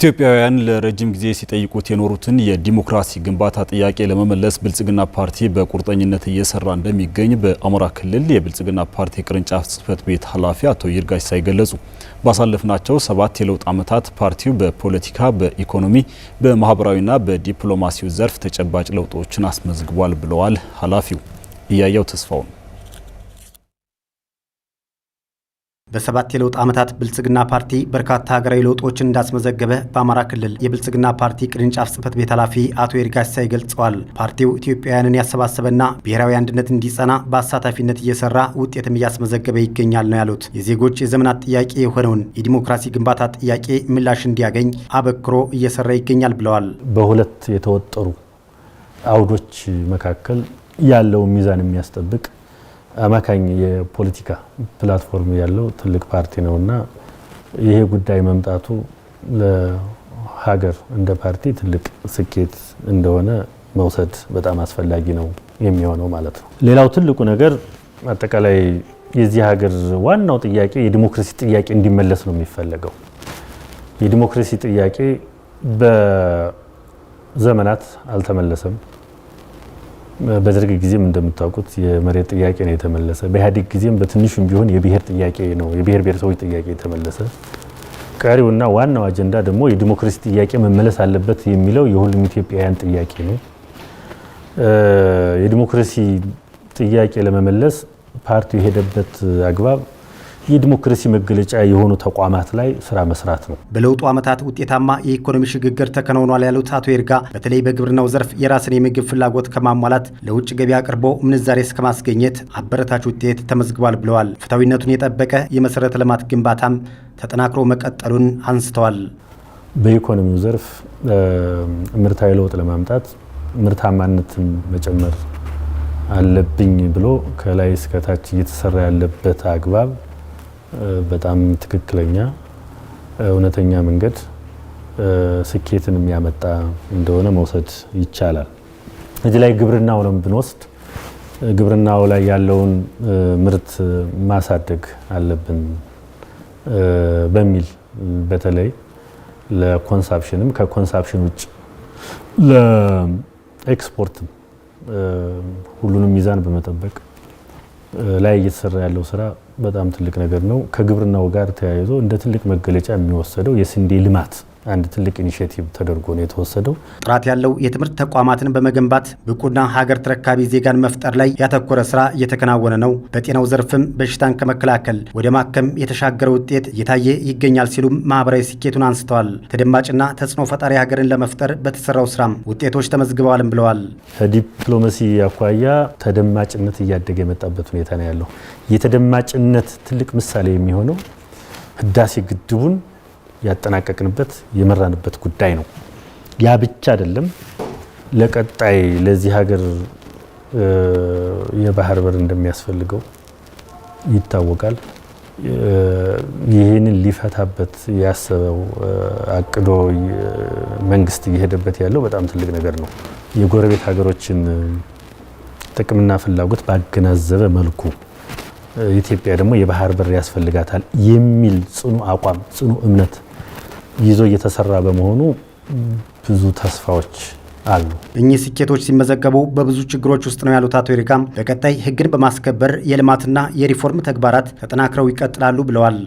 ኢትዮጵያውያን ለረጅም ጊዜ ሲጠይቁት የኖሩትን የዲሞክራሲ ግንባታ ጥያቄ ለመመለስ ብልጽግና ፓርቲ በቁርጠኝነት እየሰራ እንደሚገኝ በአማራ ክልል የብልጽግና ፓርቲ ቅርንጫፍ ጽህፈት ቤት ኃላፊ አቶ ይርጋይ ሲሳይ ገለጹ። ባሳለፍናቸው ሰባት የለውጥ ዓመታት ፓርቲው በፖለቲካ፣ በኢኮኖሚ፣ በማህበራዊና በዲፕሎማሲው ዘርፍ ተጨባጭ ለውጦችን አስመዝግቧል ብለዋል ኃላፊው። እያየው ተስፋው ነው። በሰባት የለውጥ ዓመታት ብልጽግና ፓርቲ በርካታ ሀገራዊ ለውጦችን እንዳስመዘገበ በአማራ ክልል የብልጽግና ፓርቲ ቅርንጫፍ ጽህፈት ቤት ኃላፊ አቶ ይርጋ ሲሳይ ገልጸዋል። ፓርቲው ኢትዮጵያውያንን ያሰባሰበና ብሔራዊ አንድነት እንዲጸና በአሳታፊነት እየሰራ ውጤትም እያስመዘገበ ይገኛል ነው ያሉት። የዜጎች የዘመናት ጥያቄ የሆነውን የዲሞክራሲ ግንባታ ጥያቄ ምላሽ እንዲያገኝ አበክሮ እየሰራ ይገኛል ብለዋል። በሁለት የተወጠሩ አውዶች መካከል ያለውን ሚዛን የሚያስጠብቅ አማካኝ የፖለቲካ ፕላትፎርም ያለው ትልቅ ፓርቲ ነውና ይሄ ጉዳይ መምጣቱ ለሀገር እንደ ፓርቲ ትልቅ ስኬት እንደሆነ መውሰድ በጣም አስፈላጊ ነው የሚሆነው ማለት ነው። ሌላው ትልቁ ነገር አጠቃላይ የዚህ ሀገር ዋናው ጥያቄ የዲሞክራሲ ጥያቄ እንዲመለስ ነው የሚፈለገው። የዲሞክራሲ ጥያቄ በዘመናት አልተመለሰም። በደርግ ጊዜም እንደምታውቁት የመሬት ጥያቄ ነው የተመለሰ። በኢህአዴግ ጊዜም በትንሹም ቢሆን የብሔር ጥያቄ ነው የብሔር ብሔረሰቦች ጥያቄ የተመለሰ። ቀሪውና ዋናው አጀንዳ ደግሞ የዲሞክራሲ ጥያቄ መመለስ አለበት የሚለው የሁሉም ኢትዮጵያውያን ጥያቄ ነው። የዲሞክራሲ ጥያቄ ለመመለስ ፓርቲው የሄደበት አግባብ የዲሞክራሲ መገለጫ የሆኑ ተቋማት ላይ ስራ መስራት ነው። በለውጡ ዓመታት ውጤታማ የኢኮኖሚ ሽግግር ተከናውኗል ያሉት አቶ ይርጋ በተለይ በግብርናው ዘርፍ የራስን የምግብ ፍላጎት ከማሟላት ለውጭ ገበያ አቅርቦ ምንዛሬ እስከማስገኘት አበረታች ውጤት ተመዝግቧል ብለዋል። ፍታዊነቱን የጠበቀ የመሰረተ ልማት ግንባታም ተጠናክሮ መቀጠሉን አንስተዋል። በኢኮኖሚው ዘርፍ ምርታዊ ለውጥ ለማምጣት ምርታማነትን መጨመር አለብኝ ብሎ ከላይ እስከታች እየተሰራ ያለበት አግባብ በጣም ትክክለኛ እውነተኛ መንገድ ስኬትን የሚያመጣ እንደሆነ መውሰድ ይቻላል። እዚህ ላይ ነው ብንወስድ ግብርናው ላይ ያለውን ምርት ማሳደግ አለብን በሚል በተለይ ለኮንሳፕሽንም ከኮንሳፕሽን ውጭ ለኤክስፖርትም ሁሉንም ሚዛን በመጠበቅ ላይ እየተሰራ ያለው ስራ በጣም ትልቅ ነገር ነው። ከግብርናው ጋር ተያይዞ እንደ ትልቅ መገለጫ የሚወሰደው የስንዴ ልማት አንድ ትልቅ ኢኒሽቲቭ ተደርጎ ነው የተወሰደው። ጥራት ያለው የትምህርት ተቋማትን በመገንባት ብቁና ሀገር ተረካቢ ዜጋን መፍጠር ላይ ያተኮረ ስራ እየተከናወነ ነው። በጤናው ዘርፍም በሽታን ከመከላከል ወደ ማከም የተሻገረ ውጤት እየታየ ይገኛል ሲሉም ማህበራዊ ስኬቱን አንስተዋል። ተደማጭና ተጽዕኖ ፈጣሪ ሀገርን ለመፍጠር በተሰራው ስራም ውጤቶች ተመዝግበዋልም ብለዋል። ከዲፕሎማሲ አኳያ ተደማጭነት እያደገ የመጣበት ሁኔታ ነው ያለው። የተደማጭነት ትልቅ ምሳሌ የሚሆነው ህዳሴ ግድቡን ያጠናቀቅንበት የመራንበት ጉዳይ ነው። ያ ብቻ አይደለም። ለቀጣይ ለዚህ ሀገር የባህር በር እንደሚያስፈልገው ይታወቃል። ይህንን ሊፈታበት ያሰበው አቅዶ መንግስት እየሄደበት ያለው በጣም ትልቅ ነገር ነው። የጎረቤት ሀገሮችን ጥቅምና ፍላጎት ባገናዘበ መልኩ ኢትዮጵያ ደግሞ የባህር በር ያስፈልጋታል የሚል ጽኑ አቋም፣ ጽኑ እምነት ይዞ እየተሰራ በመሆኑ ብዙ ተስፋዎች አሉ። እኚህ ስኬቶች ሲመዘገቡ በብዙ ችግሮች ውስጥ ነው ያሉት አቶ ይርጋም በቀጣይ ህግን በማስከበር የልማትና የሪፎርም ተግባራት ተጠናክረው ይቀጥላሉ ብለዋል።